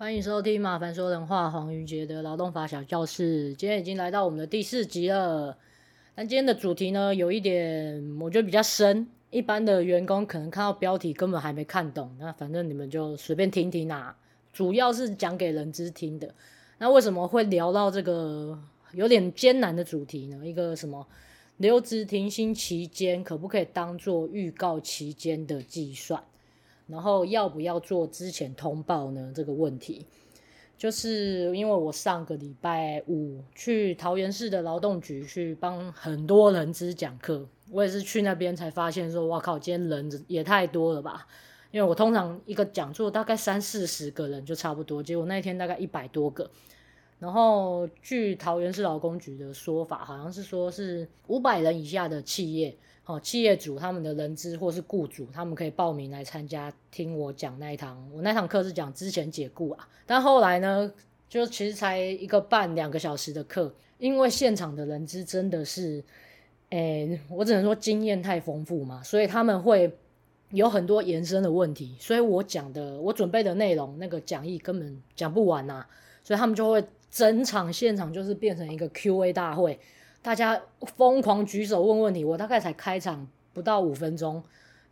歡迎收聽馬凡說人話黃云杰的勞動法小教室，今天已經來到我們的第四集了。那今天的主題呢，有一點我覺得比較深，一般的員工可能看到標題根本還沒看懂。那反正你們就隨便聽聽啊，主要是講給人資聽的。那為什麼會聊到這個有點艱難的主題呢？一個什麼留職停薪期間可不可以當作預告期間的計算？然後要不要做資遣通報呢？這個問題，就是因為我上個禮拜五去桃園市的勞動局去幫很多人資講課，我也是去那邊才發現說，哇靠，今天人也太多了吧？因為我通常一個講座大概三四十個人就差不多，結果那天大概一百多個。然後據桃園市勞工局的說法，好像是說是五百人以下的企業。哦，企業主他們的人資或是雇主，他們可以報名來參加聽我講那一堂。我那堂課是講之前解僱啊，但後來呢，就其實才一個半兩個小時的課，因為現場的人資真的是，哎，我只能說經驗太豐富嘛，所以他們會有很多延伸的問題，所以我講的我準備的內容那個講義根本講不完吶、啊，所以他們就會整場現場就是變成一個 Q&A 大會。大家瘋狂舉手問問題，我大概才開場不到五分鐘，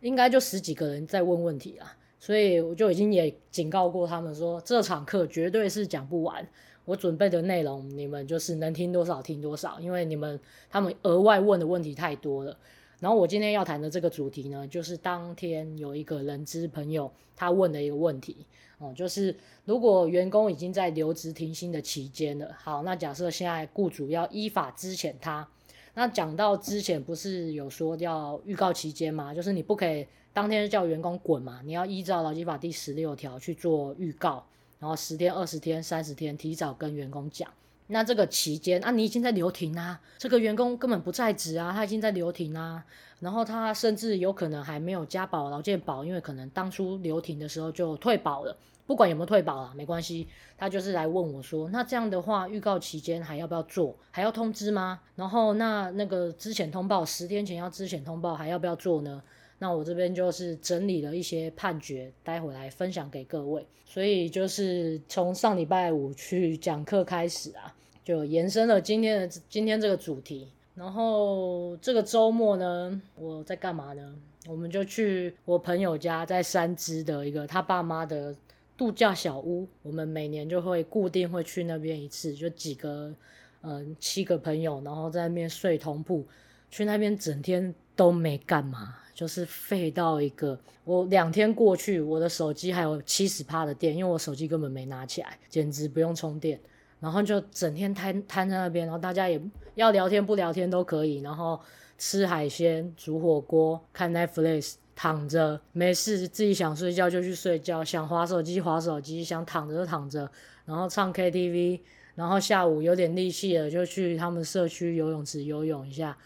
應該就十幾個人在問問題啦，所以我就已經也警告過他們說，這場課絕對是講不完，我準備的內容你們就是能聽多少聽多少，因為你們他們額外問的問題太多了。然後我今天要談的這個主題呢，就是當天有一個人資朋友他問的一個問題。哦、嗯，就是如果員工已經在留職停薪的期間了，好，那假設現在雇主要依法資遣他，那講到資遣不是有說要預告期間嗎？就是你不可以當天叫員工滾嘛，你要依照勞基法第十六條去做預告，然後十天、二十天、三十天提早跟員工講。那這個期間啊，你已經在留停啊，這個員工根本不在職啊，他已經在留停啊。然後他甚至有可能還沒有加保，勞健保，因為可能當初留停的時候就退保了。不管有沒有退保啊，沒關係。他就是來問我說，那這樣的話，預告期間還要不要做，還要通知嗎？然後那那個之前通報十天前要，之前通報，還要不要做呢？那我這邊就是整理了一些判決，待會來分享給各位。所以就是從上禮拜五去講課開始啊，就延伸了今天的今天這個主題，然後這個週末呢，我在幹嘛呢？我們就去我朋友家，在三芝的一個他爸媽的度假小屋。我們每年就會固定會去那邊一次，就幾個嗯七個朋友，然後在那邊睡通鋪，去那邊整天都沒幹嘛，就是廢到一個。我兩天過去，我的手機還有七十趴的電，因為我手機根本沒拿起來，簡直不用充電。然後就整天癱癱在那邊，然後大家也要聊天不聊天都可以，然後吃海鮮、煮火鍋、看 Netflix、躺着沒事，自己想睡覺就去睡覺，想滑手機滑手機，想躺着就躺着，然後唱 KTV，然後下午有點力氣了就去他們社區游泳池游泳一下，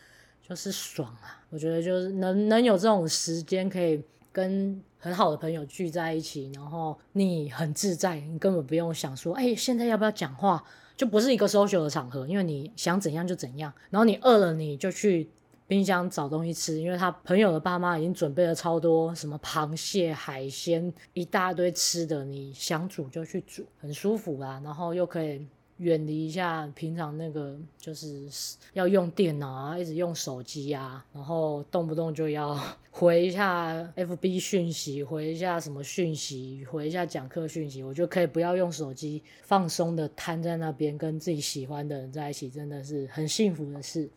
就是爽啊！我覺得就是能能有這種時間可以。跟很好的朋友聚在一起，然後你很自在，你根本不用想說，哎，現在要不要講話？就不是一個 social 的場合，因為你想怎樣就怎樣。然後你餓了，你就去冰箱找東西吃，因為他朋友的爸媽已經準備了超多什麼螃蟹、海鮮一大堆吃的，你想煮就去煮，很舒服啊。然後又可以。遠離一下平常那個，就是要用電腦啊，一直用手機啊，然後動不動就要回一下 FB 訊息，回一下什麼訊息，回一下講課訊息。我就可以不要用手機，放鬆的攤在那邊，跟自己喜歡的人在一起，真的是很幸福的事。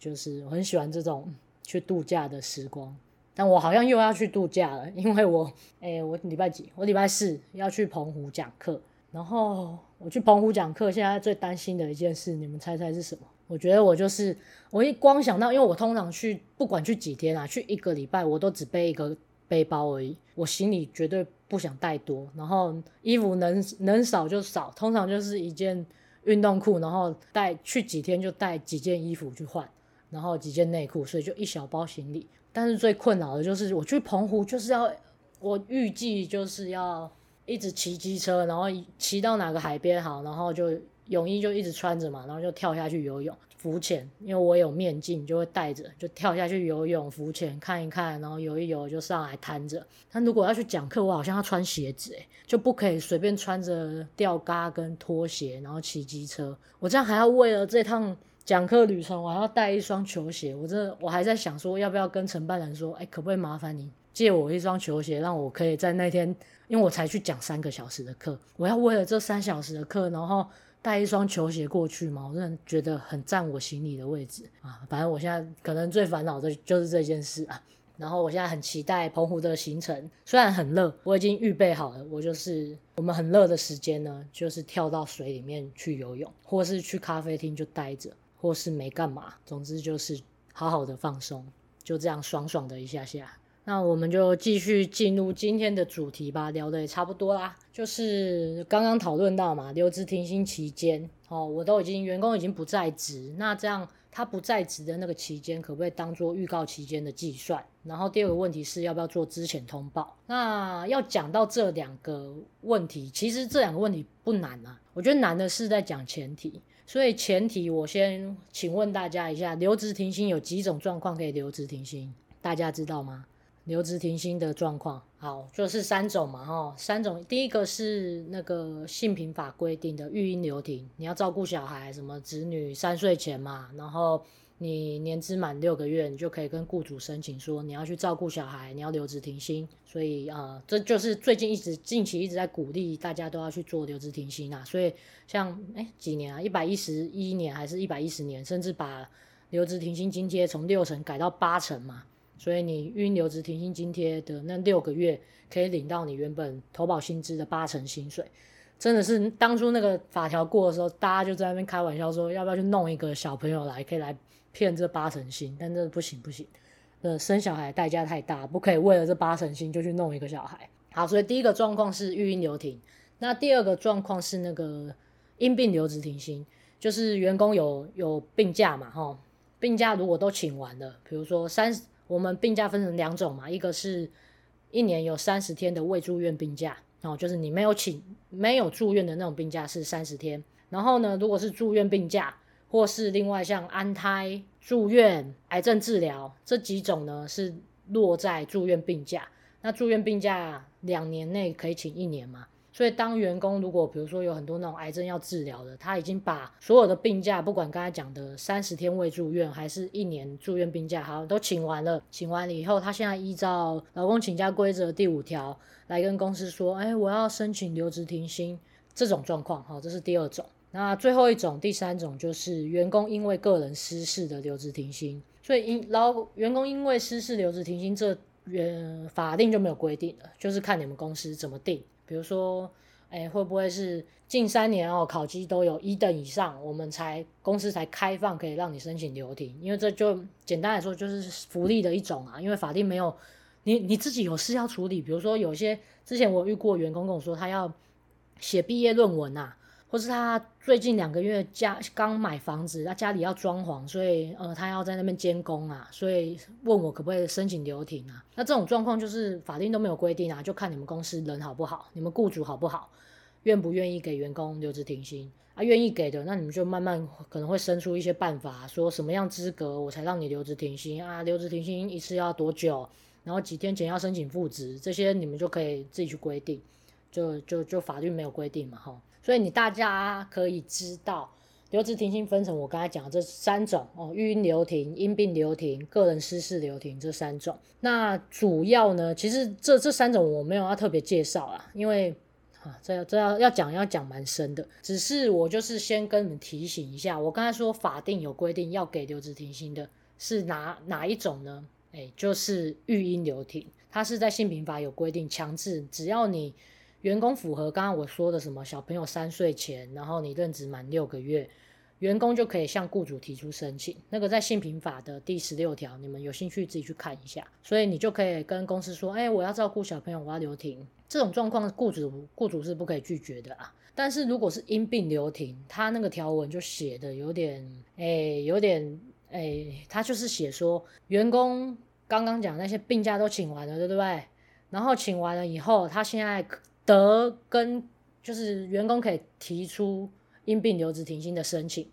就是我很喜歡這種去度假的時光，但我好像又要去度假了，因為我，哎、欸，我禮拜幾？我禮拜四要去澎湖講課。然後我去澎湖講課，現在最擔心的一件事，你們猜猜是什麼？我覺得我就是我一光想到，因為我通常去不管去幾天啊，去一個禮拜，我都只背一個背包而已，我行李絕對不想帶多。然後衣服能能少就少，通常就是一件運動褲，然後帶去幾天就帶幾件衣服去換，然後幾件內褲，所以就一小包行李。但是最困擾的就是我去澎湖就是要，我預計就是要。一直騎機車，然後騎到哪個海邊好，然後就泳衣就一直穿着嘛，然後就跳下去游泳浮潛，因為我有面鏡就會戴着，就跳下去游泳浮潛看一看，然後游一游就上來攤着。但如果要去講課，我好像要穿鞋子，欸，就不可以隨便穿着吊嘎跟拖鞋，然後騎機車。我這樣還要為了這趟講課旅程，我還要帶一雙球鞋。我這，我還在想說，要不要跟承辦人說，哎、欸，可不可以麻煩你？借我一雙球鞋，讓我可以在那天，因為我才去講三個小時的課，我要為了這三小時的課，然後帶一雙球鞋過去嘛。我真的覺得很占我行李的位置啊！反正我現在可能最煩惱的就是這件事啊。然後我現在很期待澎湖的行程，雖然很熱，我已經預備好了。我就是我們很熱的時間呢，就是跳到水裡面去游泳，或是去咖啡廳就待着，或是沒幹嘛。總之就是好好的放鬆，就這樣爽爽的一下下。那我們就繼續進入今天的主題吧，聊的也差不多啦，就是剛剛討論到嘛，留職停薪期間，哦，我都已經員工已經不在職，那這樣他不在職的那個期間，可不可以當做預告期間的計算？然後第二個問題是要不要做資遣通報？那要講到這兩個問題，其實這兩個問題不難啊，我覺得難的是在講前提，所以前提我先請問大家一下，留職停薪有幾種狀況可以留職停薪？大家知道嗎？留職停薪的狀況，好，就是三種嘛，哈，三種，第一個是那個性平法規定的育嬰留停，你要照顧小孩，什麼子女三歲前嘛，然後你年資滿六個月，你就可以跟僱主申請說你要去照顧小孩，你要留職停薪，所以啊、呃，這就是最近一直近期一直在鼓勵大家都要去做留職停薪啊，所以像哎幾年啊，一百一十一年還是一百一十年，甚至把留職停薪津貼從六成改到八成嘛。所以你育嬰留職停薪津貼的那六個月，可以領到你原本投保薪資的八成薪水，真的是當初那個法條過的時候，大家就在那邊開玩笑說，要不要去弄一個小朋友來，可以來騙這八成薪？但真的不行不行，呃，生小孩代價太大，不可以為了這八成薪就去弄一個小孩。好，所以第一個狀況是育嬰留停，那第二個狀況是那個因病留職停薪，就是員工有有病假嘛，哈，病假如果都請完了，比如說三十。我們病假分成兩種嘛，一個是一年有三十天的未住院病假，哦，就是你沒有請、沒有住院的那種病假是三十天。然後呢，如果是住院病假，或是另外像安胎、住院、癌症治療，這幾種呢，是落在住院病假。那住院病假兩年內可以請一年嘛。所以，當員工如果比如說有很多那種癌症要治療的，他已經把所有的病假，不管剛才講的三十天未住院，還是一年住院病假，好，都請完了。請完了以後，他現在依照勞工請假規則第五條來跟公司說：“哎，我要申請留職停薪。”這種狀況，好，這是第二種。那最後一種，第三種就是員工因為個人私事的留職停薪。所以，因勞員工因為私事留職停薪，這原法令就沒有規定的，就是看你們公司怎麼定。比如說，哎、欸，會不會是近三年哦，考績都有一等以上，我們才公司才開放可以讓你申請留停？因為這就簡單來說，就是福利的一種啊。因為法定沒有你，你自己有事要處理，比如說有些之前我有遇過員工跟我說他要寫畢業論文啊。或是他最近兩個月家剛買房子，他家裡要裝潢，所以呃他要在那邊監工啊，所以問我可不可以申請留停啊？那這種狀況就是法令都沒有規定啊，就看你們公司人好不好，你們僱主好不好，願不願意給員工留職停薪啊？願意給的，那你們就慢慢可能會生出一些辦法，說什麼樣資格我才讓你留職停薪啊？留職停薪一次要多久？然後幾天前要申請復職，這些你們就可以自己去規定，就就就法律沒有規定嘛，哈。所以你大家可以知道，留職停薪分成我剛才講的這三種哦：育嬰留停、因病留停、個人私事留停這三種。那主要呢，其實這這三種我沒有要特別介紹啦，因為啊，這這要要講要講蠻深的。只是我就是先跟你們提醒一下，我剛才說法定有規定要給留職停薪的是哪哪一種呢？誒，就是育嬰留停，它是在性平法有規定，強制，只要你。員工符合剛剛我說的什麼？小朋友三歲前，然後你任職滿六個月，員工就可以向雇主提出申請。那個在性平法的第十六條，你們有興趣自己去看一下。所以你就可以跟公司說：“哎，我要照顧小朋友，我要留停”。這種狀況，雇主雇主是不可以拒絕的啊。但是如果是因病留停，他那個條文就寫的有點，哎，有點，哎，他就是寫說，員工剛剛講那些病假都請完了，對不對？然後請完了以後，他現在得跟就是員工可以提出因病留職停薪的申請，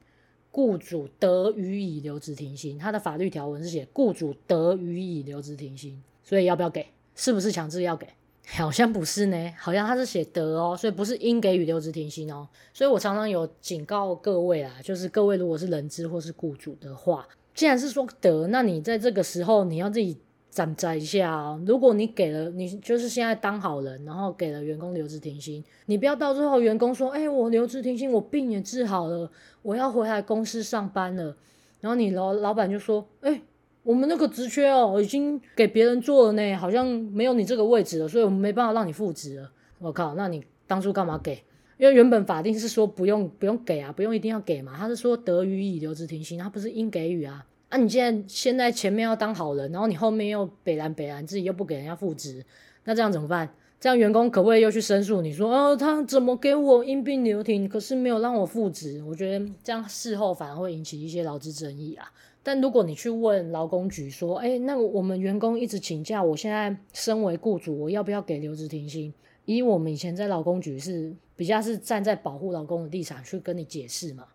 雇主得予以留職停薪。他的法律條文是寫雇主得予以留職停薪，所以要不要給？是不是強制要給？好像不是呢，好像他是寫得哦，所以不是應給予留職停薪哦。所以我常常有警告各位啊，就是各位如果是人資或是雇主的話，既然是說得，那你在這個時候你要自己。站摘一下啊、哦！如果你給了，你就是現在當好人，然後給了員工留職停薪，你不要到最後員工說：“哎、欸，我留職停薪，我病也治好了，我要回來公司上班了。”然後你老老闆就說：“哎、欸，我們那個職缺哦，已經給別人做了呢，好像沒有你這個位置了，所以我們沒辦法讓你復職了。哦”我靠，那你當初幹嘛給？因為原本法定是說不用不用給啊，不用一定要給嘛。他是說得予以留職停薪，他不是應給予啊。啊，你現在現在前面要當好人，然後你後面又北爛北爛，自己又不給人家復職，那這樣怎麼辦？這樣員工可不可以又去申訴？你說，哦，他怎麼給我因病留停，可是沒有讓我復職？我覺得這樣事後反而會引起一些勞資爭議啊。但如果你去問勞工局說，欸，那我們員工一直請假，我現在身為僱主，我要不要給留職停薪？以我們以前在勞工局是比較是站在保護勞工的立場去跟你解釋嘛，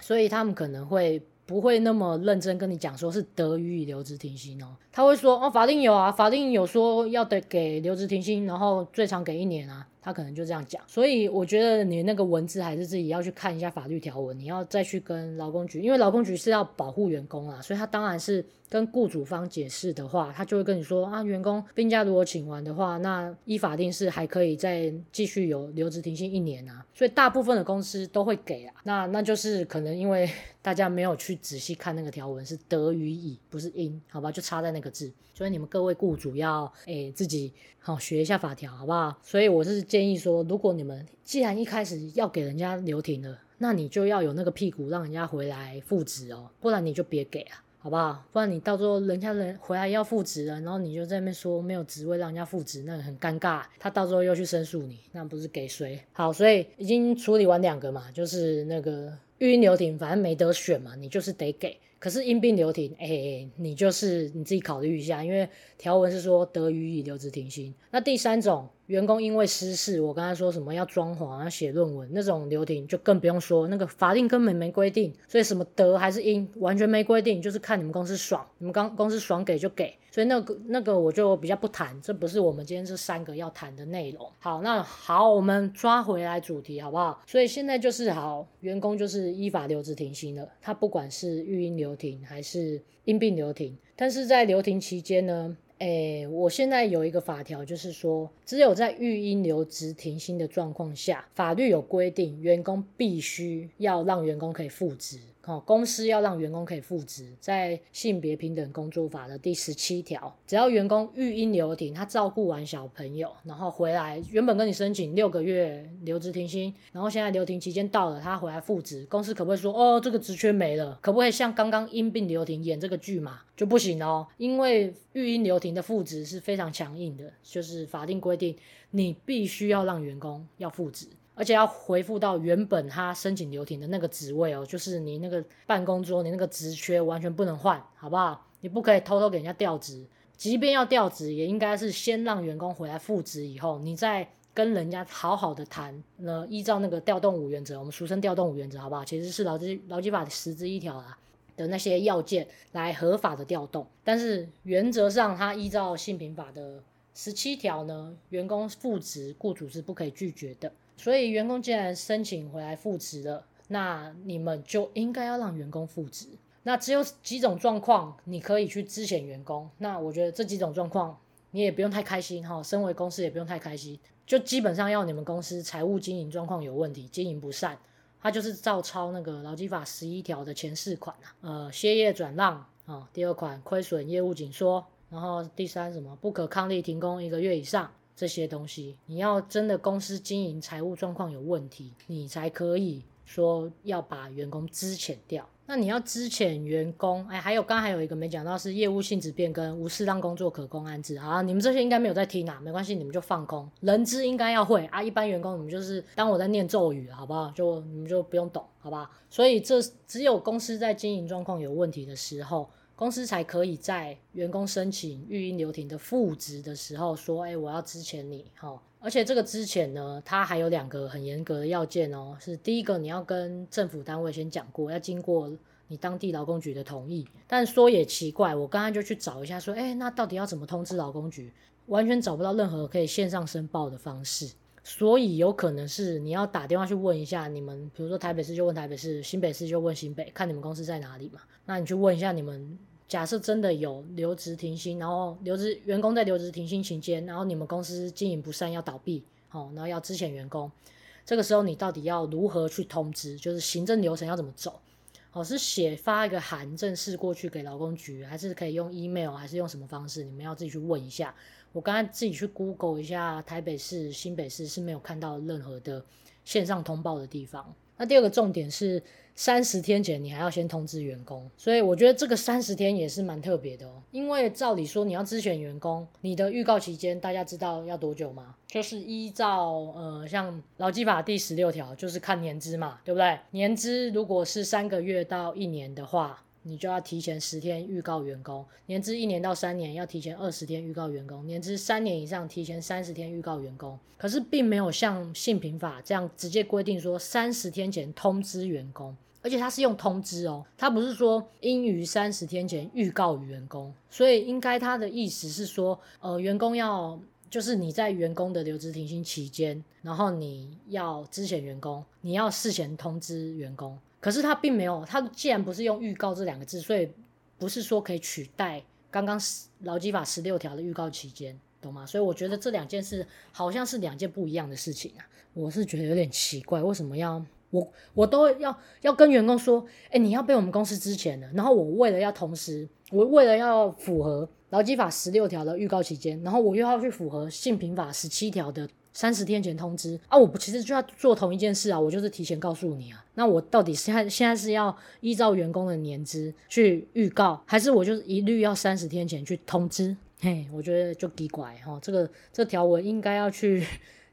所以他們可能會。不會那麼認真跟你講，說是得予以留職停薪哦。他會說，哦，法定有啊，法定有說要得給留職停薪，然後最長給一年啊。他可能就這樣講，所以我覺得你那個文字還是自己要去看一下法律條文，你要再去跟勞工局，因為勞工局是要保護員工啊，所以他當然是。跟雇主方解釋的話，他就會跟你說啊，員工病假如果請完的話，那依法定是還可以再繼續有留職停薪一年啊，所以大部分的公司都會給啊。那那就是可能因為大家沒有去仔細看那個條文是得予以，不是應，好吧？就差在那個字，所以你們各位雇主要誒、欸、自己好、哦、學一下法條，好不好？所以我是建議說，如果你們既然一開始要給人家留停了，那你就要有那個屁股讓人家回來復職哦，不然你就別給啊。好不好？不然你到時候人家人回來要復職了，然後你就在那邊說沒有職位讓人家復職，那很尷尬。他到時候又去申訴你，那不是給誰？好，所以已經處理完兩個嘛，就是那個育嬰留停，反正沒得選嘛，你就是得給。可是因病留停，哎、欸，你就是你自己考慮一下，因為條文是說得予以留職停薪。那第三種。員工因為私事，我剛才說什麼要裝潢、要寫論文那種留停，就更不用說那個法令根本沒規定，所以什麼德還是因完全沒規定，就是看你們公司爽，你們剛公司爽給就給，所以那個那個我就比較不談，這不是我們今天這三個要談的內容。好，那好，我們抓回來主題好不好？所以現在就是好，員工就是依法留職停薪了，他不管是育嬰留停還是因病留停，但是在留停期間呢？誒、欸，我現在有一個法條，就是說，只有在育嬰留職停薪的狀況下，法律有規定，員工必須要讓員工可以復職。哦，公司要讓員工可以復職，在性別平等工作法的第十七條，只要員工育嬰留停，他照顧完小朋友，然後回來，原本跟你申請六個月留職停薪，然後現在留停期間到了，他回來復職，公司可不可以說哦，這個職缺沒了，可不可以像剛剛因病留停演這個劇嘛？就不行哦，因為育嬰留停的復職是非常強硬的，就是法定規定，你必須要讓員工要復職。而且要回復到原本他申請留停的那個職位哦，就是你那個辦公桌，你那個職缺完全不能換，好不好？你不可以偷偷給人家調職，即便要調職，也應該是先讓員工回來復職以後，你再跟人家好好的談。呢，依照那個調動五原則，我們俗稱調動五原則，好不好？其實是勞基勞基法十之一條啊的那些要件來合法的調動，但是原則上他依照性平法的十七條呢，員工復職，雇主是不可以拒絕的。所以員工既然申請回來復職了，那你們就應該要讓員工復職。那只有幾種狀況，你可以去資遣員工。那我覺得這幾種狀況，你也不用太開心哈。身為公司也不用太開心，就基本上要你們公司財務經營狀況有問題，經營不善。它就是照抄那個勞基法十一條的前四款啊，呃，歇業轉讓啊，哦，第二款虧損業務緊縮，然後第三什麼不可抗力停工一個月以上。這些東西，你要真的公司經營財務狀況有問題，你才可以說要把員工資遣掉。那你要資遣員工，哎，還有剛剛還有一個沒講到是業務性質變更無適當工作可供安置啊，你們這些應該沒有在聽哪，沒關係，你們就放空。人資應該要會啊，一般員工你們就是當我在念咒語，好不好？就你們就不用懂，好不好？所以這只有公司在經營狀況有問題的時候。公司才可以在員工申請育嬰留停的復職的時候說，哎、欸，我要資遣你哈、哦。而且這個資遣呢，它還有兩個很嚴格的要件哦，是第一個，你要跟政府單位先講過，要經過你當地勞工局的同意。但說也奇怪，我剛剛就去找一下，說，哎、欸，那到底要怎麼通知勞工局？完全找不到任何可以線上申報的方式。所以有可能是你要打電話去問一下你們，比如說台北市就問台北市，新北市就問新北，看你們公司在哪裡嘛。那你去問一下你們。假設真的有留職停薪，然後留職員工在留職停薪期間，然後你們公司經營不善要倒閉，好，然後要資遣員工，這個時候你到底要如何去通知？就是行政流程要怎麼走？好，是寫發一個函正式過去給勞工局，還是可以用 email，還是用什麼方式？你們要自己去問一下。我剛剛自己去 Google 一下，台北市、新北市是沒有看到任何的線上通報的地方。那第二個重點是，三十天前你還要先通知員工，所以我覺得這個三十天也是蠻特別的哦。因為照理說你要資遣員工，你的預告期間大家知道要多久嗎？就是依照呃像勞基法第十六條，就是看年資嘛，對不對？年資如果是三個月到一年的話，你就要提前十天預告員工；年資一年到三年，要提前二十天預告員工；年資三年以上，提前三十天預告員工。可是並沒有像性平法這樣直接規定說三十天前通知員工。而且他是用通知哦，他不是說應於三十天前預告於員工，所以應該他的意思是說，呃，員工要就是你在員工的留職停薪期間，然後你要資遣員工，你要事前通知員工。可是他並沒有，他既然不是用預告這兩個字，所以不是說可以取代剛剛勞基法十六條的預告期間，懂嗎？所以我覺得這兩件事好像是兩件不一樣的事情啊，我是覺得有點奇怪，為什麼要？我我都要要跟員工說，哎、欸，你要被我們公司資遣了。然後我為了要同時，我為了要符合勞基法十六條的預告期間，然後我又要去符合性平法十七條的三十天前通知啊，我不其實就要做同一件事啊，我就是提前告訴你啊。那我到底是現現在是要依照員工的年資去預告，還是我就是一律要三十天前去通知？嘿，我覺得就給拐來哈，這個這條、個、文應該要去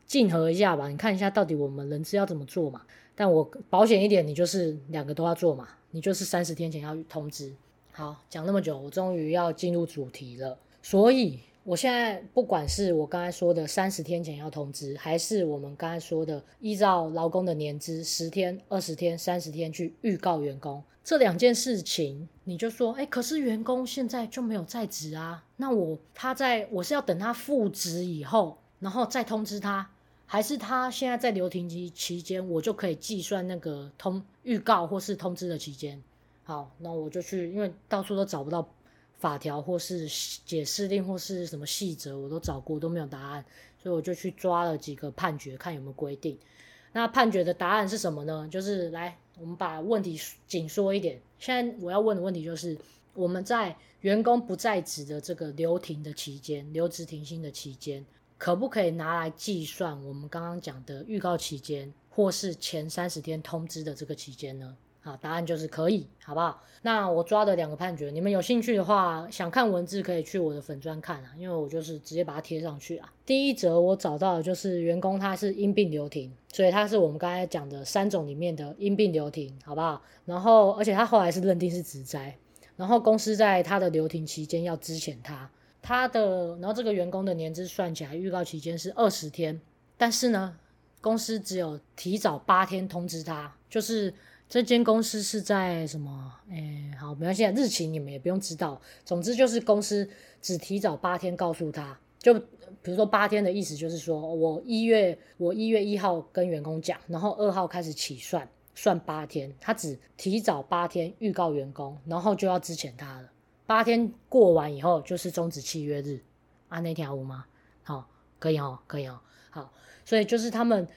競 合一下吧？你看一下到底我們人資要怎麼做嘛？但我保險一點，你就是兩個都要做嘛，你就是三十天前要通知。好，講那麼久，我終於要進入主題了。所以，我現在不管是我剛才說的三十天前要通知，還是我們剛才說的依照勞工的年資十天、二十天、三十天去預告員工，這兩件事情，你就說，哎、欸，可是員工現在就沒有在職啊。那我他在，我是要等他復職以後，然後再通知他。還是他現在在留停期間，我就可以計算那個通預告或是通知的期間？好，那我就去，因為到處都找不到法條或是解釋令或是什麼細則，我都找過都沒有答案，所以我就去抓了幾個判決看有沒有規定。那判決的答案是什麼呢？就是來，我們把問題緊縮一點。現在我要問的問題就是，我們在員工不在職的這個留停的期間，留職停薪的期間。可不可以拿來計算我們剛剛講的預告期間，或是前三十天通知的這個期間呢？啊，答案就是可以，好不好？那我抓的兩個判決，你們有興趣的話，想看文字可以去我的粉專看啊，因為我就是直接把它貼上去啊。第一則我找到的就是員工他是因病留停，所以他是我們剛才講的三種裡面的因病留停，好不好？然後而且他後來是認定是職災，然後公司在他的留停期間要資遣他。他的，然後這個員工的年資算起來，預告期間是二十天，但是呢，公司只有提早八天通知他，就是這間公司是在什麼？哎、欸，好，沒關係，日期你們也不用知道。總之就是公司只提早八天告訴他就，比如說八天的意思就是說我一月我一月一號跟員工講，然後二號開始起算，算八天，他只提早八天預告員工，然後就要支遣他了。八天過完以後就是終止契約日啊？那條路嗎？好，可以哦，可以哦。好，所以就是他們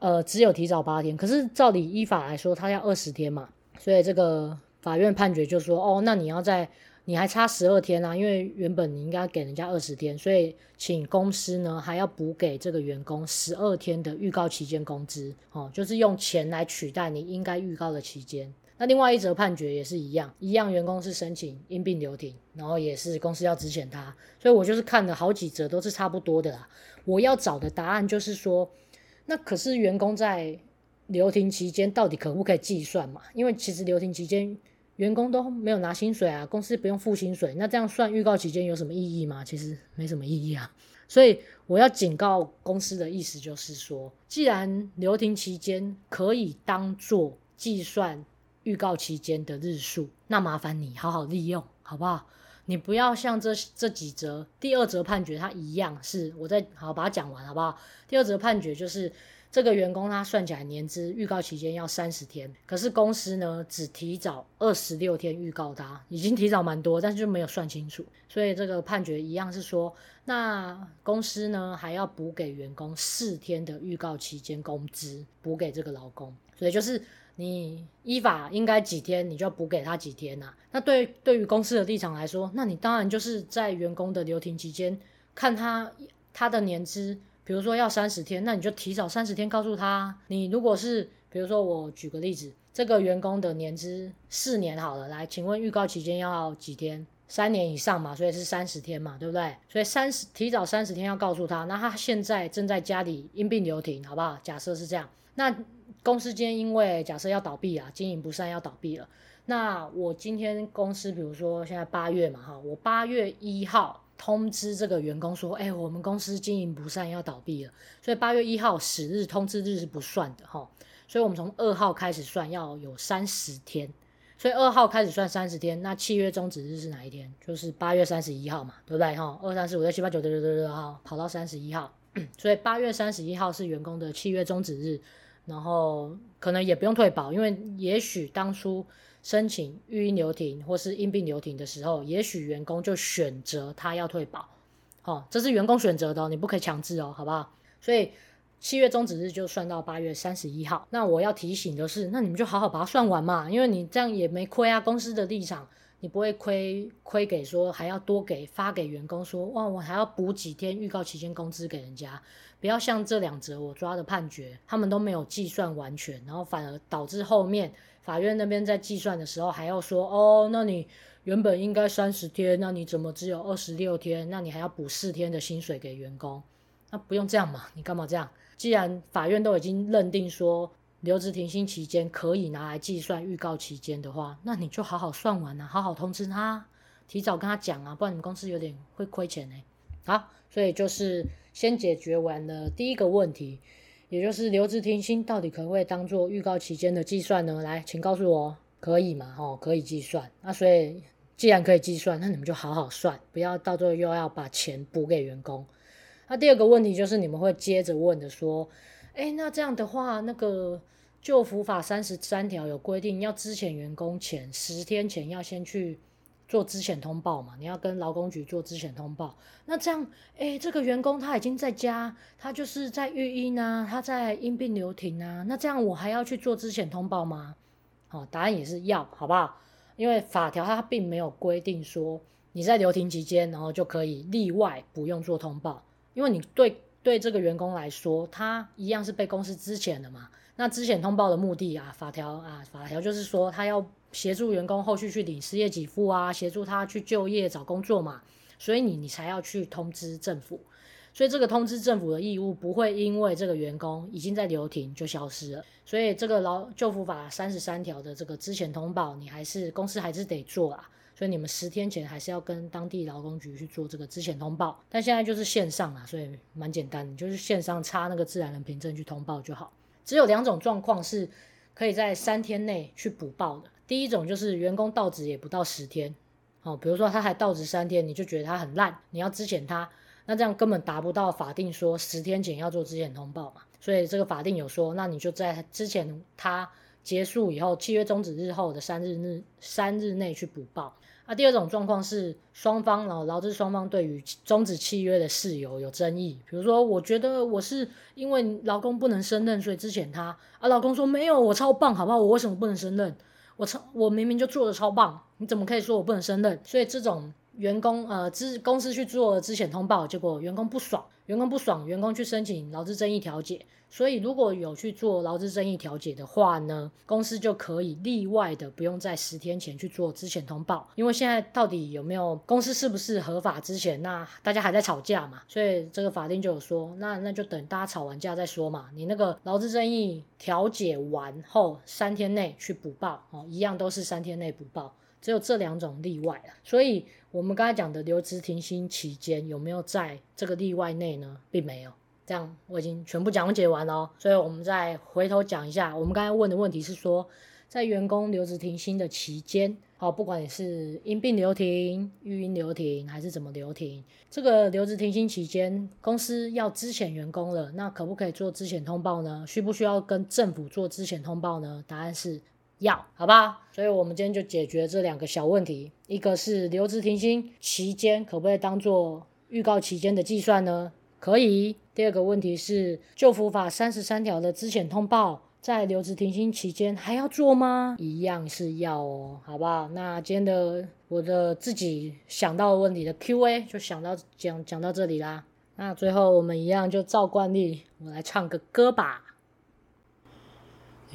呃只有提早八天，可是照理依法來說，他要二十天嘛。所以這個法院判決就說：哦，那你要在你還差十二天啊，因為原本你應該給人家二十天，所以請公司呢還要補給這個員工十二天的預告期間工資哦，就是用錢來取代你應該預告的期間。那另外一則判決也是一樣，一樣員工是申請因病留停，然後也是公司要資遣他，所以我就是看了好幾則都是差不多的啦。我要找的答案就是說，那可是員工在留停期間到底可不可以計算嘛？因為其實留停期間員工都沒有拿薪水啊，公司不用付薪水，那這樣算預告期間有什麼意義嗎？其實沒什麼意義啊。所以我要警告公司的意思就是說，既然留停期間可以當做計算。預告期間的日數，那麻煩你好好利用，好不好？你不要像這這幾則第二則判決它一樣是，是我在好把它講完，好不好？第二則判決就是這個員工他算起來年資預告期間要三十天，可是公司呢，只提早二十六天預告他，已經提早蠻多，但是就沒有算清楚，所以這個判決一樣是說，那公司呢還要補給員工四天的預告期間工資，補給這個勞工，所以就是。你依法應該幾天，你就要補給他幾天吶、啊。那對對於公司的立場來說，那你當然就是在員工的留停期間，看他他的年資，比如說要三十天，那你就提早三十天告訴他。你如果是，比如說我舉個例子，這個員工的年資四年好了，來，請問預告期間要幾天？三年以上嘛，所以是三十天嘛，對不對？所以三十提早三十天要告訴他，那他現在正在家裡因病留停，好不好？假設是這樣，那。公司今天因為假設要倒閉啊，經營不善要倒閉了。那我今天公司，比如說現在八月嘛，哈，我八月一號通知這個員工說，哎，我們公司經營不善要倒閉了。所以八月一號十日通知日是不算的，哈。所以我們從二號開始算，要有三十天。所以二號開始算三十天，那契約終止日是哪一天？就是八月三十一號嘛，對不對？哈，二三四五六七八九的六六六六跑到三十一號， 所以八月三十一號是員工的契約終止日。然後可能也不用退保，因為也許當初申請育嬰留停或是因病留停的時候，也許員工就選擇他要退保，哦，這是員工選擇的哦，你不可以強制哦，好不好？所以七月終止日就算到八月三十一號。那我要提醒的是，那你們就好好把它算完嘛，因為你這樣也沒虧啊。公司的立場，你不會虧，虧給說還要多給，發給員工說，哇，我還要補幾天預告期間工資給人家。不要像這兩則我抓的判決，他們都沒有計算完全，然後反而導致後面法院那邊在計算的時候還要說，哦，那你原本應該三十天，那你怎麼只有二十六天？那你還要補四天的薪水給員工？那不用這樣嘛，你幹嘛這樣？既然法院都已經認定說留職停薪期間可以拿來計算預告期間的話，那你就好好算完了，啊，好好通知他，提早跟他講啊，不然你們公司有點會虧錢哎，欸。好，所以就是。先解決完了第一個問題，也就是留職停薪到底可不可以當做預告期間的計算呢？來，請告訴我，可以嗎？哦，可以計算。那、啊、所以既然可以計算，那你們就好好算，不要到最後又要把錢補給員工。那、啊、第二個問題就是你們會接着問的，說，哎、欸，那這樣的話，那個就服法三十三條有規定，要資遣員工前十天前要先去。做資遣通報嘛，你要跟勞工局做資遣通報。那這樣，誒、欸，這個員工他已經在家，他就是在育嬰啊，他在因病留停啊。那這樣我還要去做資遣通報嗎？好、哦，答案也是要，好不好？因為法條它並沒有規定說你在留停期間，然後就可以例外不用做通報。因為你對對這個員工來說，他一樣是被公司資遣的嘛。那資遣通報的目的啊，法條啊，法條就是說他要。協助員工後續去領失業給付啊，協助他去就業找工作嘛，所以你你才要去通知政府，所以這個通知政府的義務不會因為這個員工已經在留停就消失了，所以這個勞就服法三十三條的這個資遣通報，你還是公司還是得做啊，所以你們十天前還是要跟當地勞工局去做這個資遣通報，但現在就是線上啊，所以蠻簡單，你就是線上插那個自然人憑證去通報就好，只有兩種狀況是可以在三天內去補報的。第一種就是員工到職也不到十天，哦，比如說他還到職三天，你就覺得他很爛，你要資遣他，那這樣根本達不到法定說十天前要做資遣通報嘛。所以這個法定有說，那你就在資遣他結束以後，契約終止日後的三日、日三日內去補報。啊，第二種狀況是雙方勞、勞資雙方對於終止契約的事由有爭議，比如說我覺得我是因為勞工不能勝任所以資遣他，啊，勞工說沒有，我超棒，好不好？我為什麼不能勝任？我操，我明明就做的超棒，你怎麼可以說我不能勝任？所以這種。員工呃，公司去做資遣通報，結果員工不爽，員工不爽，員工去申請勞資爭議調解。所以如果有去做勞資爭議調解的話呢，公司就可以例外的不用在十天前去做資遣通報，因為現在到底有沒有公司是不是合法之前,那大家還在吵架嘛，所以這個法定就有說，那那就等大家吵完架再說嘛，你那個勞資爭議調解完後三天內去補報，哦，一樣都是三天內補報。只有這兩種例外了，所以我們剛才講的留職停薪期間有沒有在這個例外內呢？並沒有。這樣我已經全部講解完了。所以我們再回頭講一下，我們剛才問的問題是說，在員工留職停薪的期間，好，不管你是因病留停、育嬰留停還是怎麼留停，這個留職停薪期間，公司要資遣員工了，那可不可以做資遣通報呢？需不需要跟政府做資遣通報呢？答案是。要好不好？所以我們今天就解決這兩個小問題，一個是留職停薪期間可不可以當做預告期間的計算呢？可以。第二個問題是就服法三十三條的資遣通報在留職停薪期間還要做嗎？一樣是要哦，好不好？那今天的我的自己想到的問題的 Q&A 就想到講講到這裡啦。那最後我們一樣就照慣例，我來唱個歌吧。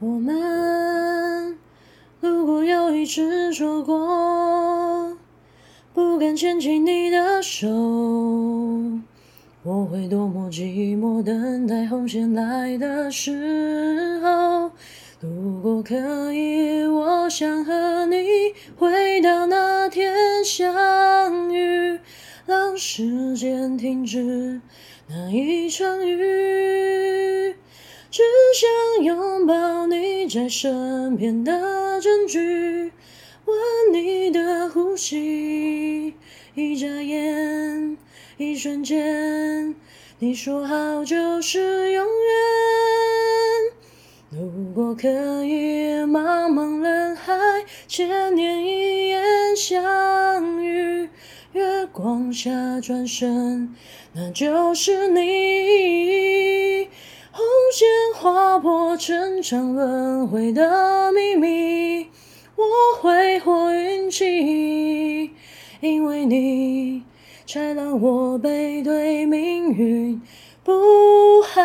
我們如果又一次錯過，不敢牽起你的手，我會多麼寂寞。等待紅線來的時候，如果可以，我想和你回到那天相遇，讓時間停止那一場雨。只想擁抱你在身邊的證據，吻你的呼吸。一眨眼，一瞬間，你說好就是永遠。如果可以，茫茫人海，千年一眼相遇，月光下轉身，那就是你。紅線劃破深藏輪迴的秘密，我揮霍運氣，因為你才讓我背對命運，不害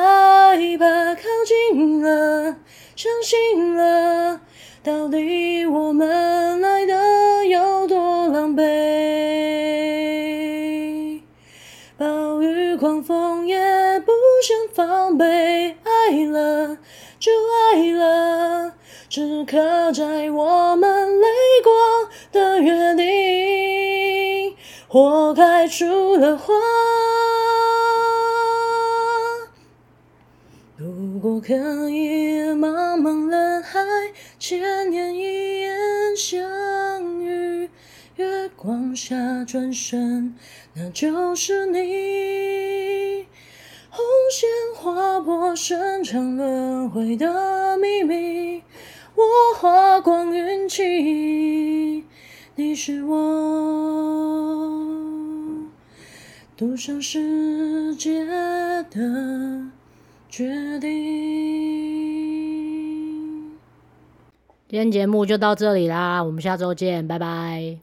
怕靠近了，相信了，到底我們愛得有多狼狽？寶貝，愛了就愛了，只刻在我們淚光的約定。火開出了花，如果可以，茫茫人海，千年一眼相遇，月光下轉身，那就是你。紅線劃破深藏輪回的秘密，我花光運氣，你是我賭上世界的決定。今天節目就到這裡啦，我們下周見，拜拜。